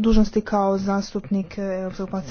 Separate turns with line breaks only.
dužnosti kao zastupnik Europskog